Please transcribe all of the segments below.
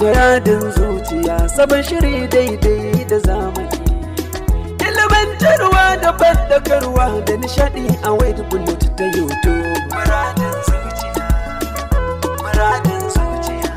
Muradin zuciya sabon shiri daidai da zamani. Ilimantarwa da bandakarwa da nishadi a wayar bullet ta YouTube. Muradin zuciya, muradin zuciya.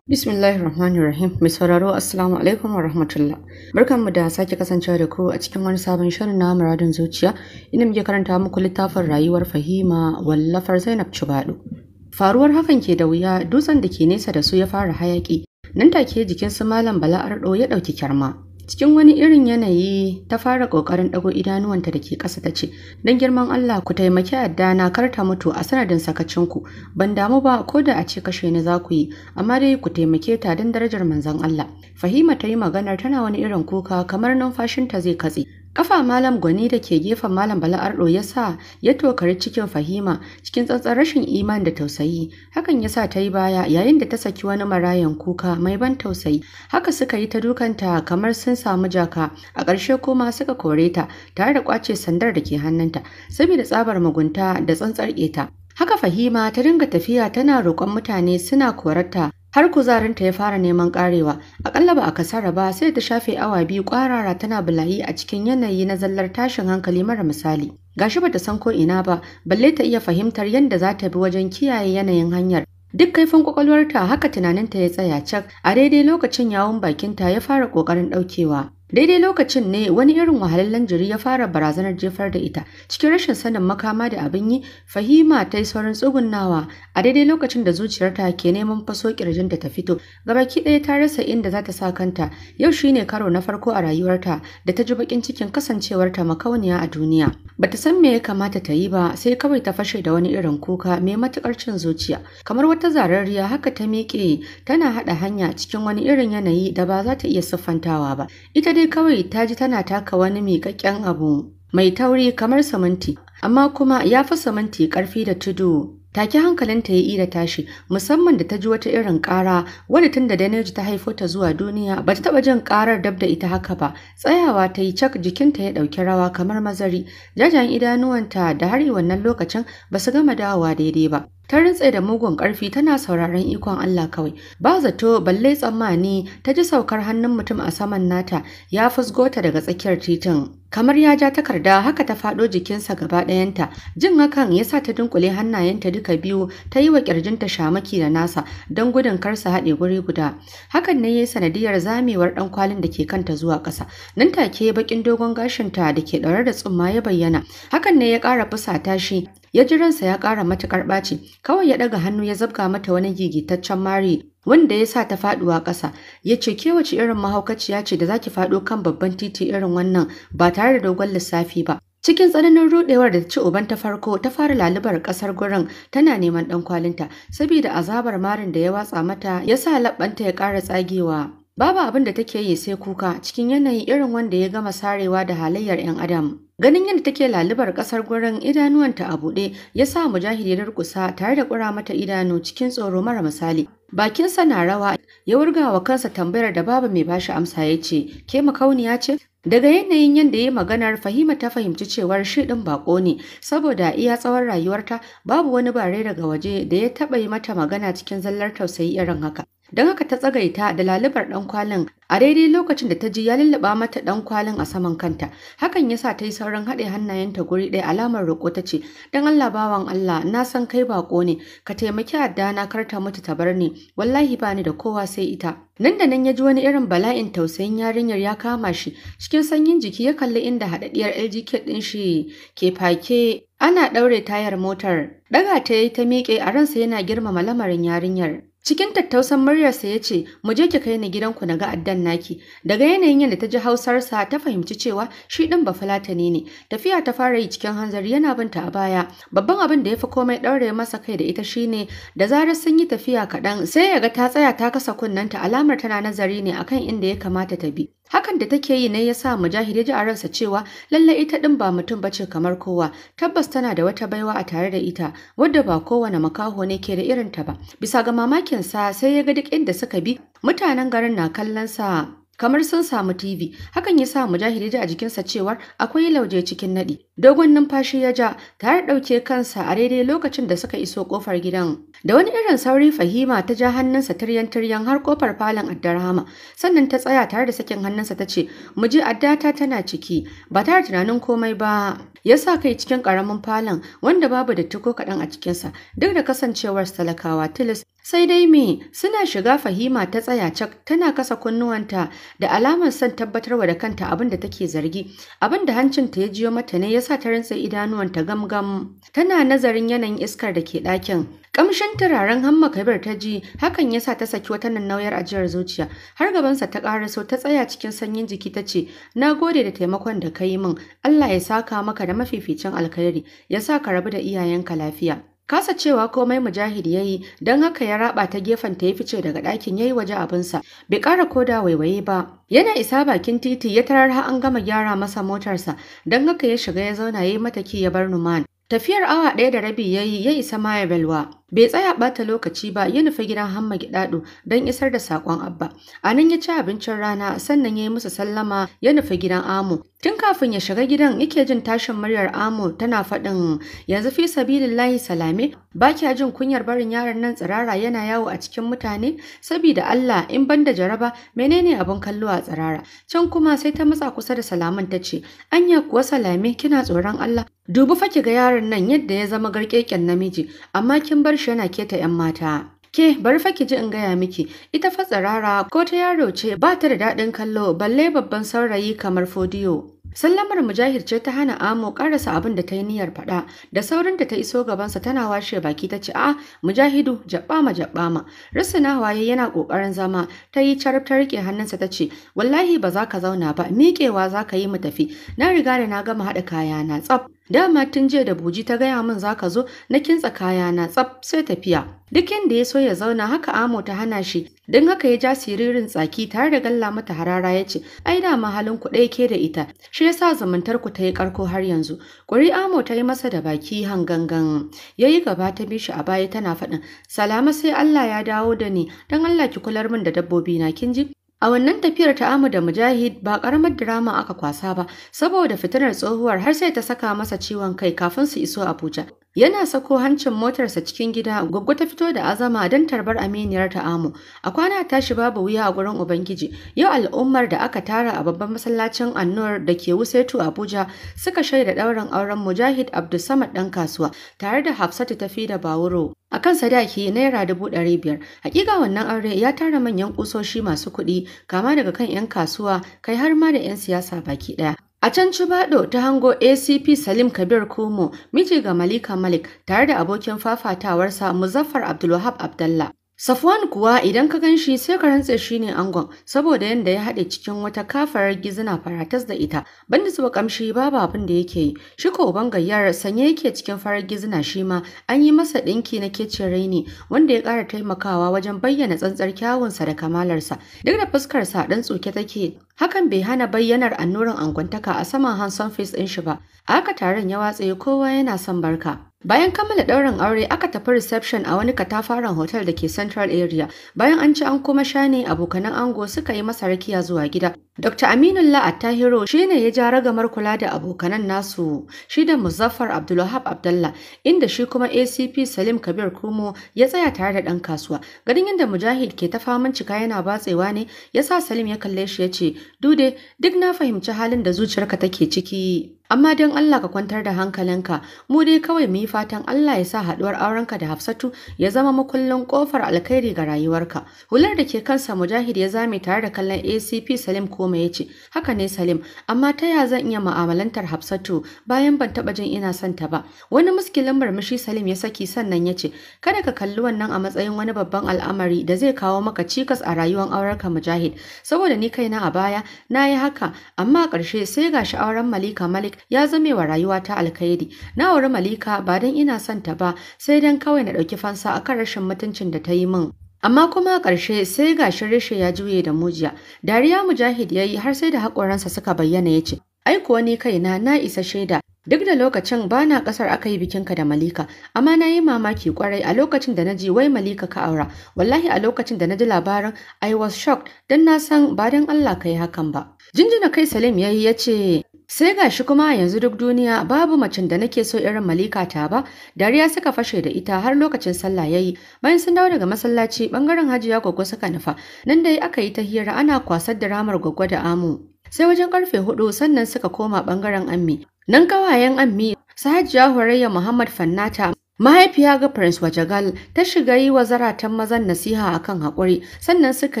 Bismillahir Rahmanir Rahim. Mai sauraro Assalamu alaikum wa rahmatullah. Barkanmu da sake kasancewa da ku a cikin wani sabon shirin na muradin zuciya. Ina muke karanta muku littafin rayuwar Fahima wallafar Zainab cibaɗu faruwar hakan ke da wuya dutsen da ke nesa da su ya fara hayaki nan take jikin su malam bala ardo ya dauki kyarma cikin wani irin yanayi ta fara kokarin dago idanuwanta da ke ƙasa ta ce don girman Allah ku taimaki adda na ta mutu a sanadin sakacin ku ban damu ba ko da a ce kashe ni za ku yi amma dai ku taimake ta dan darajar manzon Allah fahima ta yi maganar tana wani irin kuka kamar numfashinta zai katse Kafa Malam Gwani da ke gefen Malam Bala Ardo ya sa ya tokari cikin fahima cikin tsantsan rashin iman da tausayi. Hakan ya sa ta yi baya yayin da ta saki wani marayan kuka mai ban tausayi. Haka suka yi ta dukanta kamar sun samu jaka. A ƙarshe kuma suka kore ta tare da ƙwace sandar da ke hannunta saboda tsabar mugunta da tsantsar ƙeta. Haka Fahima ta dinga tafiya tana roƙon mutane suna korarta har kuzarinta ya fara neman ƙarewa. akalla ba a kasara ba sai ta shafe awa biyu ƙwarara tana bulayi a cikin yanayi na zallar tashin hankali mara misali gashi bata san ko ina ba balle ta iya fahimtar yadda za ta bi wajen kiyaye yanayin hanyar duk kaifin ƙwaƙwalwarta, haka tunaninta ya tsaya cak a daidai lokacin yawon bakinta ya fara ƙoƙarin ɗaukewa. daidai lokacin ne wani irin wahalallen jiri ya fara barazanar jefar da ita cikin rashin sanin makama da abin yi fahima ta yi saurin tsugunnawa a daidai lokacin da zuciyarta ke neman faso kirjin da ta fito gabaki ɗaya ta rasa inda za ta sa kanta yau shine karo na farko a rayuwarta da ta ji bakin cikin kasancewarta makauniya a duniya bata san me ya kamata ta yi ba sai kawai ta fashe da wani irin kuka mai matukar cin zuciya kamar wata zararriya haka ta miƙe tana haɗa hanya cikin wani irin yanayi da ba za ta iya siffantawa ba ita dai kawai ta ji tana taka wani miƙaƙƙen abu mai tauri kamar saminti, amma kuma ya fi saminti ƙarfi da tudu. Take hankalinta ya ida tashi, musamman da ta ji wata irin ƙara wadda tun da Daneji ta haifo ta zuwa duniya ba ta taɓa jin ƙarar dab da ita haka ba. Tsayawa ta yi cak jikinta ya ɗauki rawa kamar mazari, jajayen idanuwanta da har wannan lokacin ba su gama dawowa daidai ba. ta rintse da mugun ƙarfi tana sauraron ikon Allah kawai ba zato balle tsammani ta ji saukar hannun mutum a saman nata ya fusgo ta daga tsakiyar titin kamar ya ja takarda haka ta faɗo jikinsa gaba ɗayanta jin hakan ya sa ta dunkule hannayenta duka biyu ta yi wa ƙirjinta shamaki da nasa don gudun kar sa haɗe guri guda hakan ne ya yi sanadiyar zamewar ɗan kwalin da ke kanta zuwa ƙasa nan take bakin dogon gashinta da ke ɗaure da tsumma ya bayyana hakan ne ya ƙara fusata shi ya jiransa ya ƙara matuƙar ɓaci Kawai ya ɗaga hannu ya zabga mata wani gigitaccen mari wanda ya sa ta faɗuwa ƙasa. Ya ce ke wace irin mahaukaciya ce da za ki faɗo kan babban titi irin wannan ba tare da dogon lissafi ba. Cikin tsananin rudewar da ci uban ta farko ta fara lalubar kasar gurin tana neman dan kwalinta saboda azabar marin da ya watsa mata ya sa labbanta ya ƙara tsagewa. Babu abin da take yi sai kuka cikin yanayi irin wanda ya gama sarewa da halayyar 'yan adam. Ganin yadda take lalubar ƙasar gurin idanuwanta a buɗe ya sa mujahidi rukusa tare da ƙura mata idanu cikin tsoro mara misali. Bakinsa na rawa ya wurga wa kansa tambayar da babu mai bashi amsa ya ce, ke makauniya ce? Daga yanayin yadda ya maganar Fahima ta fahimci cewar shi ɗin baƙo ne, saboda iya tsawon rayuwarta babu wani bare daga waje da ya taɓa yi mata magana cikin zallar tausayi irin haka. Don haka ta tsagaita da lalubar ɗan kwalin a daidai lokacin da ta ji ya lullaba mata ɗan kwalin a saman kanta. Hakan ya sa ta yi saurin haɗe hannayenta guri ɗaya alamar roƙo ta ce, Don Allah bawan Allah, na san kai baƙo ne, ka taimaki addana kar ta mutu ta bar ni, wallahi ba ni da kowa sai ita. Nan da nan ya ji wani irin bala'in tausayin yarinyar ya kama shi, cikin sanyin jiki ya kalli inda haɗaɗɗiyar LGK ɗin shi ke fake ana ɗaure tayar motar. Ɗaga ta yi ta miƙe a ransa yana girmama lamarin yarinyar. Cikin tattausan muryarsa ya ce, Mu je ki kai ni gidanku na ga addan naki. Daga yanayin yadda ta ji hausarsa ta fahimci cewa shi ɗin Fulatani ne. Tafiya ta fara yi cikin hanzari yana binta a baya. Babban abin da ya fi komai ɗaure masa kai da ita shi ne da zarar sun yi tafiya kaɗan sai ya ga ta tsaya ta kasa kunnanta alamar tana nazari ne akan inda ya kamata ta bi. Hakan da take yi ne ya sa Mujahid ya ji a ransa cewa lalle ita din ba mutum bace kamar kowa. Tabbas tana da wata baiwa a tare da ita wadda ba kowane makaho ne ke da irin ta ba. Bisa ga mamakinsa sai ya ga duk inda suka bi mutanen garin na kallon sa kamar sun samu TV. Hakan ya sa mujahidi a jikinsa cewar akwai lauje cikin naɗi. Dogon numfashi ya ja tare ɗauke kansa a daidai lokacin da suka iso ƙofar gidan. Da wani irin sauri Fahima ta ja hannunsa tiryan-tiryan har ƙofar falon Addarahama. Sannan ta tsaya tare da sakin hannunsa ta ce, "Mu je addata tana ciki, ba tare tunanin komai ba." Ya sa kai cikin ƙaramin falon wanda babu da tuko kaɗan a cikinsa duk da kasancewar talakawa tilis Sai dai me suna shiga fahima ta tsaya cak tana kasa kunnuwanta da alamar son tabbatarwa da kanta abin da take zargi. Abin da hancinta ya jiyo mata ne ya sa ta rantsa idanuwanta gamgam. Tana nazarin yanayin iskar da ke ɗakin. Kamshin turaren hamma kabir ta ji hakan ya sa ta saki wata nan nauyar ajiyar zuciya. Har gabansa ta karaso ta tsaya cikin sanyin jiki ta ce, Na gode da taimakon da ka yi min, Allah ya saka maka da mafificin alkhairi, ya sa ka rabu da iyayenka lafiya. Kasa cewa komai mujahid ya yi don haka ya raba ta gefen ta ya fice daga ɗakin ya yi waje abinsa, bai ƙara da waiwaye ba. Yana isa bakin titi ya tarar har an gama gyara masa motarsa don haka ya shiga ya zauna ya yi mata ki ya bar Numan. Tafiyar awa ɗaya da rabi ya yi ya isa Maya Belwa. Bai tsaya ɓata lokaci ba ya nufa gidan Hamma Gidaɗo don isar da saƙon Abba. A nan ya ci abincin rana sannan ya yi musu sallama ya nufa gidan Amu. Tun kafin ya shiga gidan yake jin tashin muryar Amo tana faɗin yanzu fi sabilillahi salame ba kya jin kunyar barin yaron nan tsirara yana yawo a cikin mutane sabida Allah in ban da jaraba menene abin kallo a tsirara can kuma sai ta matsa kusa da salaman ta ce anya kuwa salame kina tsoron Allah dubi fa ki ga yaron nan yadda ya zama garkeken namiji amma kin bar shi yana keta yan mata Ke bari fa ki ji in gaya miki ita fa tsirara ko ta yaro ce ba ta da daɗin kallo balle babban saurayi kamar fodiyo. Sallamar mujahir ce ta hana amo karasa abin da ta yi niyyar faɗa da saurin da ta iso gabansa tana washe baki ta ce a mujahidu jaɓama, jaɓama. rasina waye yana kokarin zama ta yi carab ta rike hannunsa ta ce wallahi ba za ka zauna ba miƙewa za ka yi mu tafi na riga da na gama haɗa kayana tsaf Dama tun jiya da buji ta gaya min za ka zo na kintsa kayana tsaf sai tafiya. Duk inda ya so ya zauna haka amo ta hana shi don haka ya ja siririn tsaki tare da galla mata harara ya ce ai da mahalin ku ɗaya ke da ita shi yasa zumuntar ku ta yi karko har yanzu ƙuri amo ta yi masa da baki hangangan ya yi gaba ta bi shi a baya tana faɗin salama sai Allah ya dawo da ni don Allah ki kular min da dabbobi na kin ji A wannan tafiyar Amu da Mujahid ba ƙaramar dirama aka kwasa ba, saboda fitinar tsohuwar har sai ta saka masa ciwon kai kafin su iso Abuja. Yana sako hancin motarsa cikin gida, gwaggo ta fito da azama don tarbar aminiyar ta'amu. A kwana tashi babu wuya a gurin Ubangiji, yau al'ummar da aka tara a babban masallacin Annur da ke Wusetu Abuja suka shaida ɗaurin auren Mujahid Abdul Abdulsamad ɗan kasuwa, tare da Hafsatu ta fi da Bawuro. A kan sadaki naira dubu ɗari biyar. Hakika wannan aure ya tara manyan kusoshi masu kuɗi kama daga kan 'yan kasuwa kai har ma da 'yan siyasa baki ɗaya. A can Cibado ta hango ACP Salim Kabir Kumo, miji ga Malika Malik tare da abokin fafatawarsa Muzaffar Abdulwahab Abdallah. Safwan kuwa idan ka gan shi sai ka rantse shi ne angon saboda yadda ya haɗe cikin wata kafarar gizina faratas da ita banda zuba kamshi ba abin da yake yi shi ko uban sanye yake cikin farar gizina shi ma an yi masa ɗinki na kecin raini wanda ya ƙara taimakawa wajen bayyana tsantsar kyawunsa da kamalarsa duk da fuskarsa ɗan tsoke take hakan bai hana bayyanar annurin angwantaka a saman hanson face ɗin shi ba Aka taron ya watse kowa yana son barka. Bayan kammala ɗaurin aure aka tafi reception a wani katafaren hotel da ke Central Area. Bayan an ci an kuma shane abokanan ango suka yi masa rakiya zuwa gida. Dr. Aminullah Attahiro shi ne ya ja ragamar kula da abokanan nasu shi da Muzaffar Abdulwahab Abdallah inda shi kuma ACP Salim Kabir Kumo ya tsaya tare da ɗan kasuwa. Ganin yadda Mujahid ke ta faman cika yana batsewa ne ya sa Salim ya kalle shi ya ce, Dude, duk na fahimci halin da zuciyarka take ciki. amma don Allah ka kwantar da hankalinka mu dai kawai mu yi fatan Allah ya sa haduwar aurenka da Hafsatu ya zama makullin kofar alkhairi ga rayuwarka hular da ke kansa Mujahid ya zame tare da kallon ACP Salim Koma ya ce haka ne Salim amma ta ya zan iya ma'amalantar Hafsatu bayan ban taɓa jin ina son ta ba wani muskilin murmushi Salim ya saki sannan ya ce kada ka kalli wannan a matsayin wani babban al'amari da zai kawo maka cikas a rayuwar aurenka Mujahid saboda ni kaina a baya na yi haka amma a ƙarshe sai gashi auren Malika Malik ya zame wa rayuwa ta alkhairi na auri malika ba don ina son ta ba sai dan kawai na ɗauki fansa akan rashin mutuncin da ta yi min Amma kuma a ƙarshe sai gashin rishe ya juye da mujiya. Dariya Mujahid ya yi har sai da haƙoransa suka bayyana ya ce, Ai kuwa ni kaina na isa shaida, duk da lokacin bana na ƙasar aka yi bikinka da Malika, amma na yi mamaki kwarai a lokacin da na ji wai Malika ka aura, wallahi a lokacin da na ji labarin I was shocked don na san ba don Allah ka yi hakan ba. Jinjina kai Salim ya yi ya ce, Sai ga shi kuma yanzu duk duniya babu macen da nake so irin Malika ta ba, dariya suka fashe da ita har lokacin sallah yayi. Bayan sun dawo daga masallaci bangaren Hajiya Gwaggo suka nufa, nan dai aka yi ta hira ana kwasar da ramar goggo da Amu. Sai wajen karfe hudu sannan suka koma bangaren Ammi. Nan kawayen Ammi Sahajiya Horayya Muhammad Fannata Mahaifiya ga Prince Wajagal ta shiga yi wa zaratan mazan nasiha a kan haƙuri, sannan suka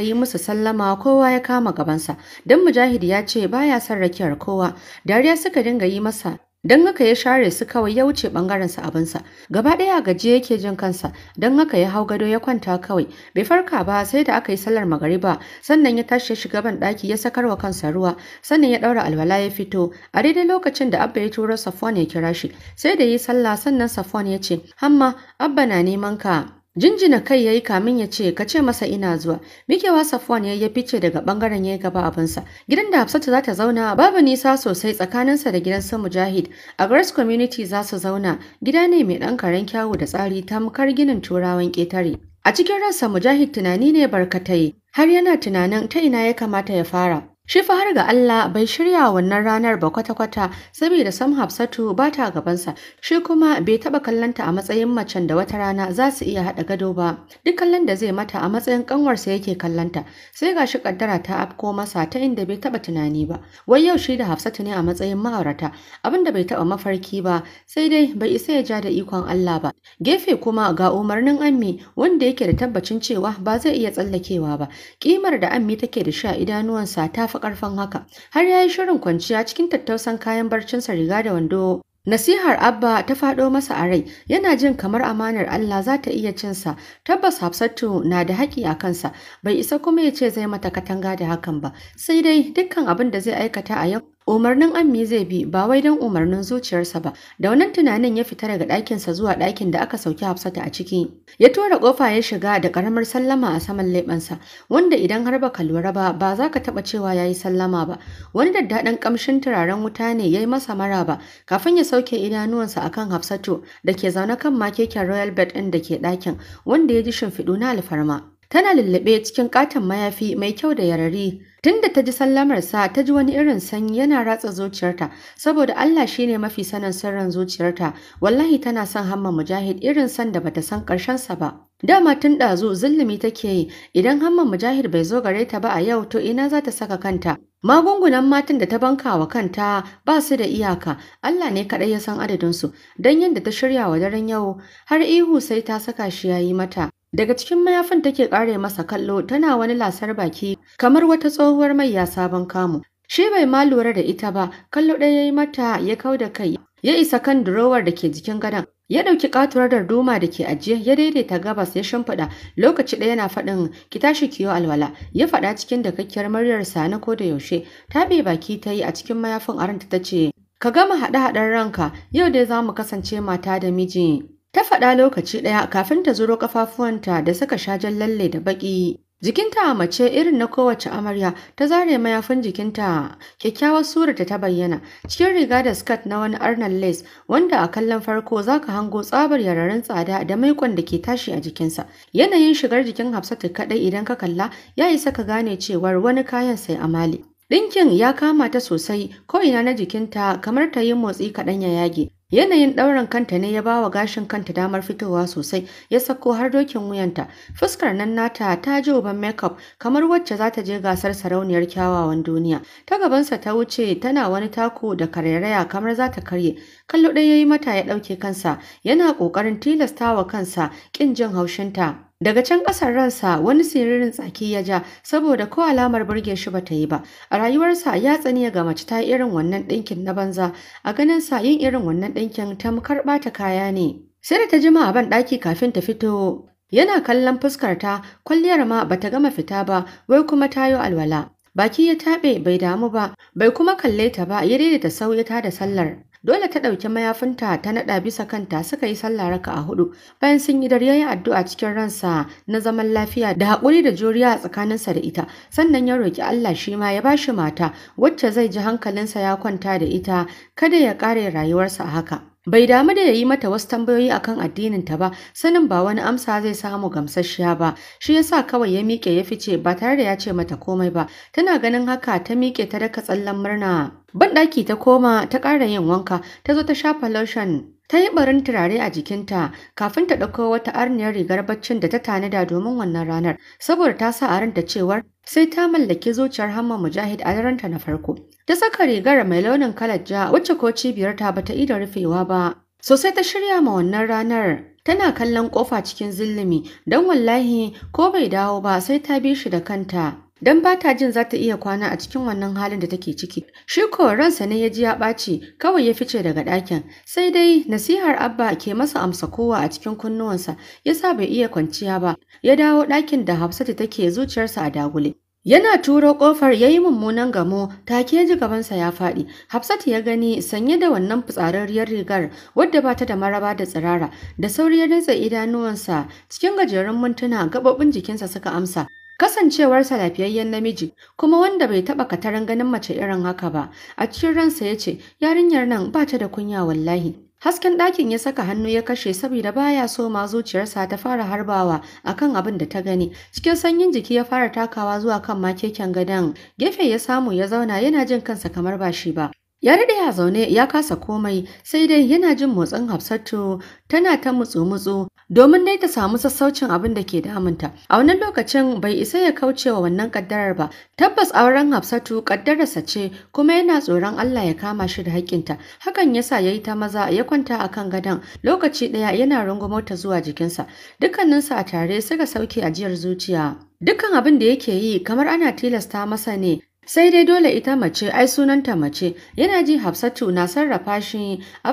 yi musu sallama kowa ya kama gabansa. Don Mujahid ya ce baya son rakiyar kowa. Dariya suka dinga yi masa don haka ya share su kawai ya wuce bangarensa abinsa gaba ɗaya gaji yake jin kansa don haka ya hau gado ya kwanta kawai bai farka ba sai da aka yi sallar magariba sannan ya tashi ya shiga ban ɗaki ya wa kansa ruwa sannan ya ɗaura alwala ya fito a daidai lokacin da abba ya turo safwan ya kira shi sai da yi sallah sannan safwan ya ce hamma abba na neman ka Jinjina kai yayi kamin ya ce ka ce masa ina zuwa. Mikewa Safwan yayi ya fice daga bangaren yi gaba abinsa. Gidan da Hafsatu za ta zauna babu nisa sosai tsakaninsa da gidan san Mujahid. A Grace Community za su zauna. Gida ne mai ɗan karen kyawu da tsari tamkar ginin turawan ketare A cikin ransa Mujahid tunani ne barkatai har yana tunanin ta ina ya kamata ya fara. Shi fa har ga Allah bai shirya wannan ranar ba kwata-kwata saboda sam Hafsatu ba ta gabansa, shi kuma bai taɓa kallonta a matsayin macen da wata rana za su iya haɗa gado ba. Duk kallon da zai mata a matsayin ƙanwarsa yake kallonta, sai ga shi ƙaddara ta afko masa ta inda bai taɓa tunani ba. Wai yau shi da Hafsatu ne a matsayin ma'aurata, abin da bai taɓa mafarki ba, sai dai bai isa ya ja da ikon Allah ba. Gefe kuma ga umarnin Ammi wanda yake da tabbacin cewa ba zai iya tsallakewa ba. Ƙimar da Ammi take da shi a idanuwansa ta fi fi haka. Har ya yi shirin kwanciya cikin tattausan kayan barcinsa riga da wando Nasihar Abba ta faɗo masa a rai, yana jin kamar amanar Allah za ta iya cinsa, tabbas Hafsatu na da haƙi a kansa, bai isa kuma ya ce zai mata katanga da hakan ba, sai dai dukkan abin da zai aikata a yau umarnin ammi zai bi ba wai don umarnin zuciyarsa ba da wannan tunanin ya fita daga ɗakin sa zuwa ɗakin da aka sauki hafsata a ciki ya tura kofa ya shiga da karamar sallama a saman leɓensa wanda idan har baka lura ba ba za ka taɓa cewa ya yi sallama ba wani daddaɗan ƙamshin turaren wuta ne ya yi masa mara ba kafin ya sauke idanuwansa akan hafsatu da ke zaune kan makeken royal bed ɗin da ke ɗakin wanda ya ji shimfiɗu na alfarma Tana lullube cikin katon mayafi mai kyau da yarari. Tunda ta ji sallamar sa ta ji wani irin sanyi yana ratsa zuciyarta saboda Allah shine mafi sanin sirrin zuciyarta wallahi tana son Hamma Mujahid irin san da bata san sa ba. Dama tun ɗazu zulumi take yi idan Hamma Mujahid bai zo gare ta ba a yau to ina za ta saka kanta. Magungunan matan da ta banka wa kanta ba su da iyaka, Allah ne kaɗai ya san adadinsu, don yadda ta shirya wa daren yau har ihu sai ta saka shi ya yi mata. Daga cikin mayafin take kare masa kallo tana wani lasar baki kamar wata tsohuwar mai ya sabon kamu. Shi bai ma lura da ita ba, kallo ɗaya ya yi mata ya kau da kai, ya isa kan durowar da ke jikin gadon. Ya ɗauki ƙatuwar darduma da ke ajiye, ya daidaita gabas ya shimfiɗa, lokaci ɗaya yana faɗin ki tashi kiyo alwala, ya faɗa cikin dakakkiyar muryarsa na ko da yaushe, Ta taɓe baki ta yi a cikin mayafin aranta ta ce, ka gama haɗe-haɗen ranka, yau dai za mu kasance mata da miji. Ta faɗa lokaci ɗaya kafin ta zuro ƙafafuwanta da suka sha jan lalle da baƙi. Jikinta a mace irin na kowace amarya ta zare mayafin jikinta kyakkyawar surata ta bayyana cikin riga da skirt na wani arnan lace wanda a kallon farko zaka hango tsabar yararen tsada da maikon da ke tashi a jikinsa yanayin shigar jikin Hafsatu kadai idan ka kalla ya isa ka gane cewar wani kayan sai amali Ɗinkin ya kama ta sosai ko ina na jikinta kamar ta yi motsi kaɗan ya yage Yanayin ɗaurin kanta ne ya ba wa gashin kanta damar fitowa sosai, ya sako har dokin wuyanta. Fuskar nan nata ta ji uban makeup kamar wacce za ta je gasar sarauniyar kyawawan duniya. Ta gabansa ta wuce tana wani tako da karairaya kamar za ta karye. Kallo ɗaya ya yi mata ya ɗauke kansa, yana ƙoƙarin tilasta wa kansa ƙin jin haushinta. Daga can ƙasar ransa wani siririn tsaki ya ja saboda ko alamar burge shi ba ta yi ba. A rayuwarsa ya tsani ga mace ta irin wannan ɗinkin na banza, a ganin sa yin irin wannan ɗinkin tamkar ɓata kaya ne. Sai da ta jima a ban ɗaki kafin ta fito. Yana kallon fuskar ta, kwalliyar ma ba ta gama fita ba, wai kuma ta yi alwala. Baki ya taɓe bai damu ba, bai kuma kalle ta ba, ya daidaita sauya ta da sallar. Dole ta ɗauki mayafinta ta naɗa bisa kanta suka yi sallah raka a hudu. Bayan sun yi dare yin addu'a cikin ransa na zaman lafiya da haƙuri da juriya a tsakaninsa da ita. Sannan ya roki Allah shi ma ya bashi mata wacce zai ji hankalinsa ya kwanta da ita kada ya ƙare rayuwarsa a haka. Bai damu da ya yi mata wasu tambayoyi akan addininta ba, sanin ba wani amsa zai samu gamsasshiya ba, shi yasa kawai ya miƙe ya fice ba tare da ya ce mata komai ba, tana ganin haka ta miƙe ta daka tsallan murna. Banɗaki ta koma ta ƙara yin wanka, ta zo ta shafa lotion Ta yi barin turare a jikinta kafin ta ɗauko wata arniyar rigar baccin da ta tanada domin wannan ranar, saboda ta sa a ranta cewar sai ta mallaki zuciyar Hamma Mujahid a daranta na farko. Ta saka rigar mai launin kalar ja wacce ko cibiyar ta bata ida rufewa ba. Sosai ta shirya ma wannan ranar tana kallon kofa cikin zillumi, don wallahi ko bai dawo ba sai ta bi shi da kanta. don ba ta jin za ta iya kwana a cikin wannan halin da take ciki. Shi ko ransa ne ya ji ya ɓaci kawai ya fice daga ɗakin, sai dai nasihar Abba ke masa amsa kowa a cikin kunnuwansa ya sa bai iya kwanciya ba, ya dawo ɗakin da Hafsatu take zuciyarsa a dagule. Yana turo ƙofar ya yi mummunan gamo take ji gabansa ya faɗi. Hafsatu ya gani sanye da wannan fitsararriyar rigar wadda ba ta da maraba da tsirara da sauri ya nutsa idanuwansa cikin gajeren mintuna gaɓoɓin jikinsa suka amsa. Kasancewarsa lafiyayyen namiji kuma wanda bai taɓa katarin ganin mace irin haka ba, a cikin ransa ya ce, yarinyar nan ba ta da kunya wallahi. Hasken ɗakin ya saka hannu ya kashe saboda baya so ma zuciyarsa ta fara harbawa akan abin da ta gani. Cikin sanyin jiki ya fara takawa zuwa kan makeken gadon. Gefe ya samu ya zauna yana jin kansa kamar ba shi ba. Ya daɗe a zaune ya kasa komai sai dai yana jin motsin Hafsatu tana ta mutsu-mutsu domin dai ta samu sassaucin abin da ke damunta. A wannan lokacin bai isa ya kauce wa wannan kaddarar ba. Tabbas auren Hafsatu kaddararsa ce kuma yana tsoron Allah ya kama shi da haƙƙinta. Hakan yasa ya yi ta maza ya kwanta a kan gadon lokaci ɗaya yana rungumo ta zuwa jikinsa. Dukkaninsa a tare suka sauke ajiyar zuciya. Dukkan abin da yake yi kamar ana tilasta masa ne sai dai dole ita mace ai sunanta mace yana ji hafsatu na sarrafa shi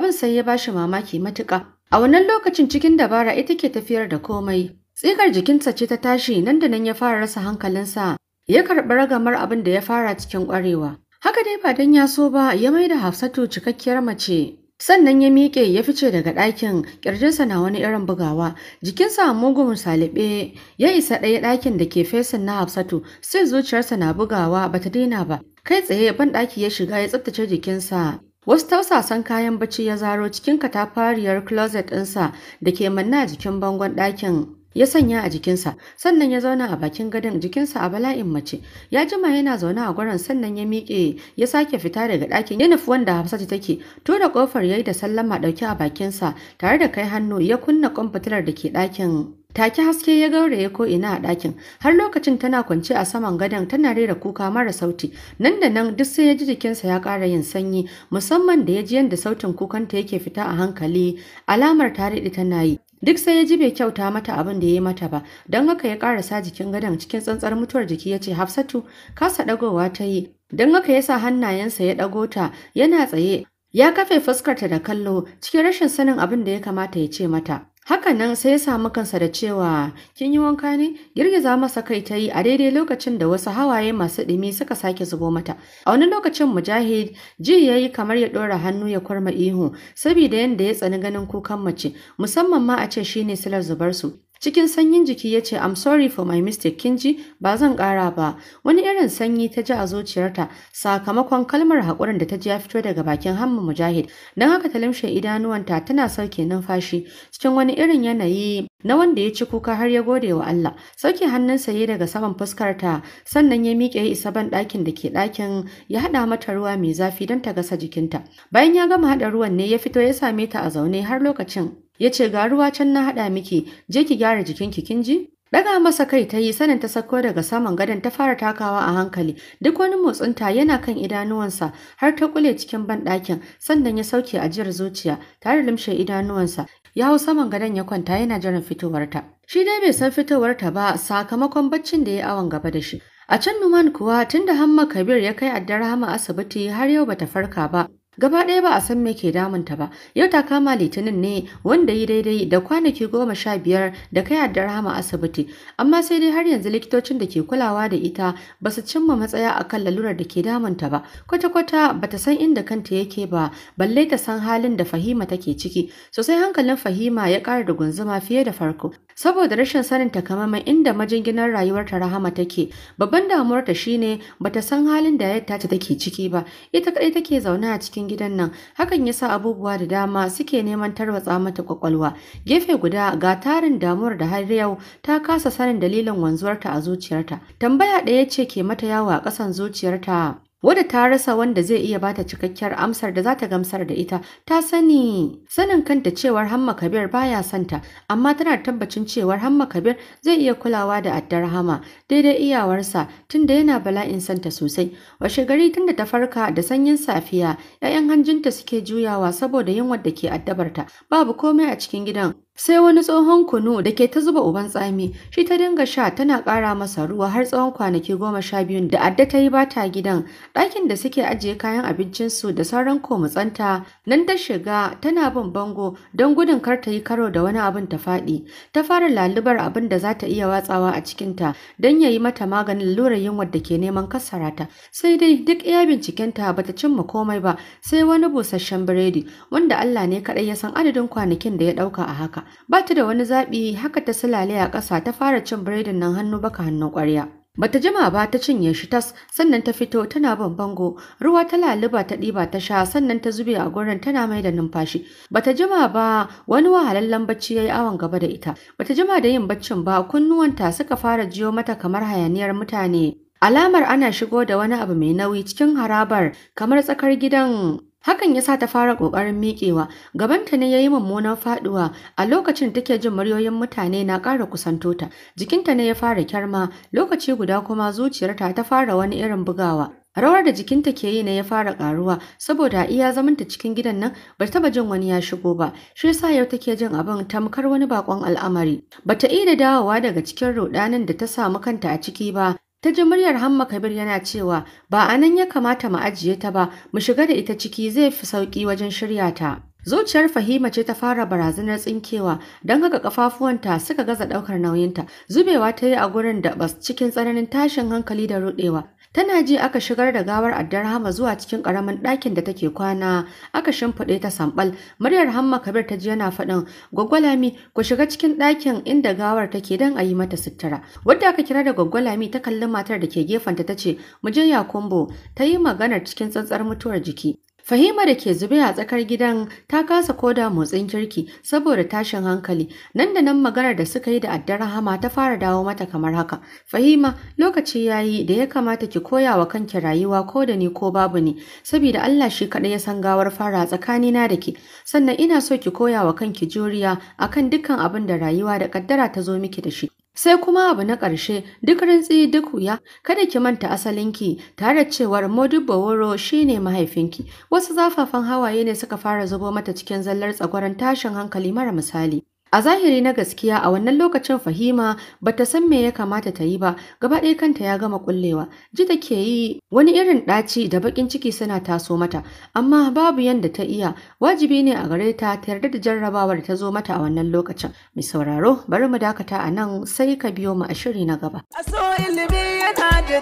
abin sai ya bashi mamaki matuka. a wannan lokacin cikin dabara ita ke tafiyar da komai tsikar jikinsa ce ta tashi nan da nan ya fara rasa hankalinsa ya karɓi ragamar abin da ya fara cikin ƙwarewa haka dai ba don ya so ba ya mai da hafsatu cikakkiyar mace Sannan ya miƙe ya fice daga ɗakin, ƙirjinsa na wani irin bugawa, jikinsa a mugun salibe ya isa ɗaya ɗakin da ke fesin na Hafsatu, sai zuciyarsa na bugawa bata daina ba. Kai tsaye banɗaki ya shiga ya tsaftace jikinsa. Wasu tausasan kayan bacci ya zaro cikin katafariyar closet ɗinsa da ke manna jikin bangon ɗakin. ya sanya a jikinsa sannan ya zauna a bakin gadon jikinsa a bala'in mace ya jima yana zaune a gwaron sannan ya miƙe ya sake fita daga ɗakin ya nufi wanda Hafsatu take tura kofar yi da sallama ɗauke a bakinsa tare da kai hannu ya kunna kwamfutar da ke ɗakin Take haske ya gauraye ko ina a ɗakin, har lokacin tana kwance a saman gadon tana rera kuka mara sauti, nan da nan duk sai ya ji jikinsa ya ƙara yin sanyi, musamman da ya ji yadda sautin kukanta yake fita a hankali, alamar ta riɗi tana yi. duk sai ya ji bai kyauta mata abin da ya yi mata ba don haka ya karasa jikin gadon cikin tsantsar mutuwar jiki ya ce hafsatu kasa dagowa ta yi don haka ya sa hannayensa ya dago ta yana tsaye ya kafe fuskarta da kallo cikin rashin sanin abin da ya kamata ya ce mata Hakanan sai ya samu kansa da cewa kin yi wanka ne girgiza masa kai ta yi a daidai lokacin da wasu hawaye masu ɗumi suka sake zubo mata. A wani lokacin Mujahid ji ya yi kamar ya ɗora hannu ya kurma ihu saboda yadda ya tsani ganin kukan mace musamman ma a ce shine silar zubarsu Cikin sanyin jiki ya ce, I'm sorry for my mistake, kinji ba zan ƙara ba. Wani irin sanyi ta ji a zuciyarta sakamakon kalmar haƙurin da ta ji ya fito daga bakin Hamma Mujahid. Don haka ta limshe idanuwanta tana sauke numfashi cikin wani irin yanayi na wanda ya ci kuka har ya gode wa Allah. Sauke hannun ya daga saman fuskarta sannan ya miƙe ya isa ban ɗakin da ke ɗakin ya haɗa mata ruwa mai zafi don ta gasa jikinta. Bayan ya gama haɗa ruwan ne ya fito ya same ta a zaune har lokacin ya ce ga ruwa can na haɗa miki je ki gyara jikinki kin ji Daga masa kai ta yi sanin ta sako daga saman gadon ta fara takawa a hankali duk wani motsinta yana kan idanuwansa har ta kule cikin banɗakin sannan ya sauke ajiyar zuciya tare da limshe idanuwansa ya hau saman gadon ya kwanta yana jiran fitowarta. Shi dai bai san fitowarta ba sakamakon baccin da ya awon gaba da shi. A can Numan kuwa tunda Hamma Kabir ya kai Addarahama asibiti har yau bata farka ba, Gaba ɗaya ba a san me ke damunta ba, yau ta kama litinin ne wanda yi daidai da kwanaki goma sha biyar da kai da rahama asibiti, amma sai dai har yanzu likitocin da ke kulawa da ita ba su cimma matsaya a kan lalurar da ke damunta ba, kwata-kwata ba ta san inda kanta yake ba, balle ta san halin da Fahima take ciki, sosai hankalin Fahima ya ƙara da gunzuma fiye da farko. saboda rashin sanin takamaiman inda majinginar rayuwarta rahama take babban damuwarta shine bata san halin da yadda ta take ciki ba ita kadai take zaune a cikin gidan nan hakan yasa abubuwa da dama suke neman tarwatsa mata kwakwalwa gefe guda ga tarin damuwar da har yau ta kasa sanin dalilin wanzuwarta a zuciyarta tambaya ɗaya ce ke mata yawo a ƙasan zuciyarta wadda ta rasa wanda zai iya bata cikakkiyar amsar da za ta gamsar da ita ta sani sanin kanta cewar hamma kabir baya santa amma tana tabbacin cewar hamma kabir zai iya kulawa da addar hama daidai iyawarsa tunda yana bala'in santa sosai washe gari tunda ta farka da sanyin safiya 'ya'yan hanjinta suke juyawa saboda yunwar da ke addabarta babu komai a cikin gidan sai wani tsohon kunu da ke ta zuba uban tsami shi ta dinga sha tana ƙara masa ruwa har tsawon kwanaki goma sha biyun da adda ta yi bata gidan ɗakin da suke ajiye kayan abincinsu da sauran komatsanta nan ta shiga tana bin bango don gudun kar ta yi karo da wani abin ta faɗi ta fara lalubar abin da za ta iya watsawa a cikinta don ya yi mata maganin lura yunwar da ke neman kassara ta sai dai duk iya bincikenta ba ta cimma komai ba sai wani busasshen biredi wanda Allah ne kaɗai ya san adadin kwanakin da ya ɗauka a haka ba ta da wani zaɓi haka ta silale a ƙasa ta fara cin biredin nan hannu baka hannun ƙwarya. Ba ta jima ba ta cinye shi tas sannan ta fito tana bin bango ruwa ta laluba ta ɗiba ta sha sannan ta zube a gurin tana mai da numfashi Ba ta jima ba wani wahalallen bacci ya yi awon gaba da ita Ba ta jima da yin baccin ba kunnuwanta suka fara jiyo mata kamar hayaniyar mutane alamar ana shigo da wani abu mai nauyi cikin harabar kamar tsakar gidan Hakan ya sa ta fara ƙoƙarin miƙewa, gabanta ne yayi yi mummunan faɗuwa a lokacin take jin muryoyin mutane na ƙara kusantota. Jikinta ne ya fara kyarma, lokaci guda kuma zuciyarta ta fara wani irin bugawa. Rawar da jikinta ke yi ne ya fara ƙaruwa saboda iya zamanta cikin gidan nan ba ta taɓa jin wani ya shigo ba, shi yasa yau take jin abin tamkar wani bakon al'amari. Bata iya dawowa daga cikin rudanin da ta samu kanta a ciki ba, Ta ji muryar Hamma Kabir yana cewa ba a nan ya kamata mu ajiye ta ba, mu shiga da ita ciki zai fi sauƙi wajen shirya ta. Zuciyar Fahima ce ta fara barazanar tsinkewa don haka kafafuwanta suka gaza ɗaukar nauyinta. Zubewa ta yi a gurin da bas cikin tsananin tashin hankali da ruɗewa. Tana ji aka shigar da gawar addar Hama zuwa cikin karamin ɗakin da take kwana, aka shimfiɗe ta sambal. Muryar Hamma Kabir ta ji yana faɗin, "Gwaggwalami, ku shiga cikin ɗakin inda gawar take don a yi mata sutura." Wadda aka kira da Gwaggwalami ta kalli matar da ke gefanta ta ce, "Mu je Yakumbo." Ta yi maganar cikin tsantsar mutuwar jiki. Fahima da ke zube a tsakar gidan ta kasa koda motsin kirki saboda tashin hankali. Nan da nan maganar da suka yi da addar rahama ta fara dawo mata kamar haka. Fahima lokaci yi da ya kamata ki koya wa kanki rayuwa ko da ni ko babu ni saboda Allah shi kaɗai ya san gawar fara tsakanina da ke. Sannan ina so ki koya wa kanki juriya akan dukkan abin da rayuwa da kaddara ta zo miki da shi. Sai kuma abu na ƙarshe duk rintsi duk wuya kada ki manta asalinki tare da cewar Modibo Woro shine mahaifinki. Wasu zafafan hawaye ne suka fara zubo mata cikin zallar tsagwaron tashin hankali mara misali. A zahiri na gaskiya a wannan lokacin Fahima bata san me ya kamata ta yi ba, gaba ɗaya kanta ya gama kullewa. Ji take yi wani irin ɗaci da baƙin ciki suna taso mata, amma babu yanda ta iya, wajibi ne a gare ta ta yarda da jarrabawar ta zo mata a wannan lokacin. Mai sauraro, bari mu dakata a nan sai ka biyo mu a shiri na gaba. A yana da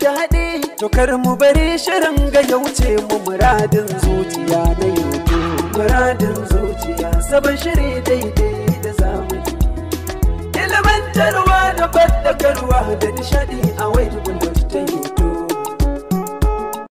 daɗi, to mu bari shirin ga yauce mu muradin daidai. Nishaɗantarwa da fadakarwa da nishaɗi a wai tukunan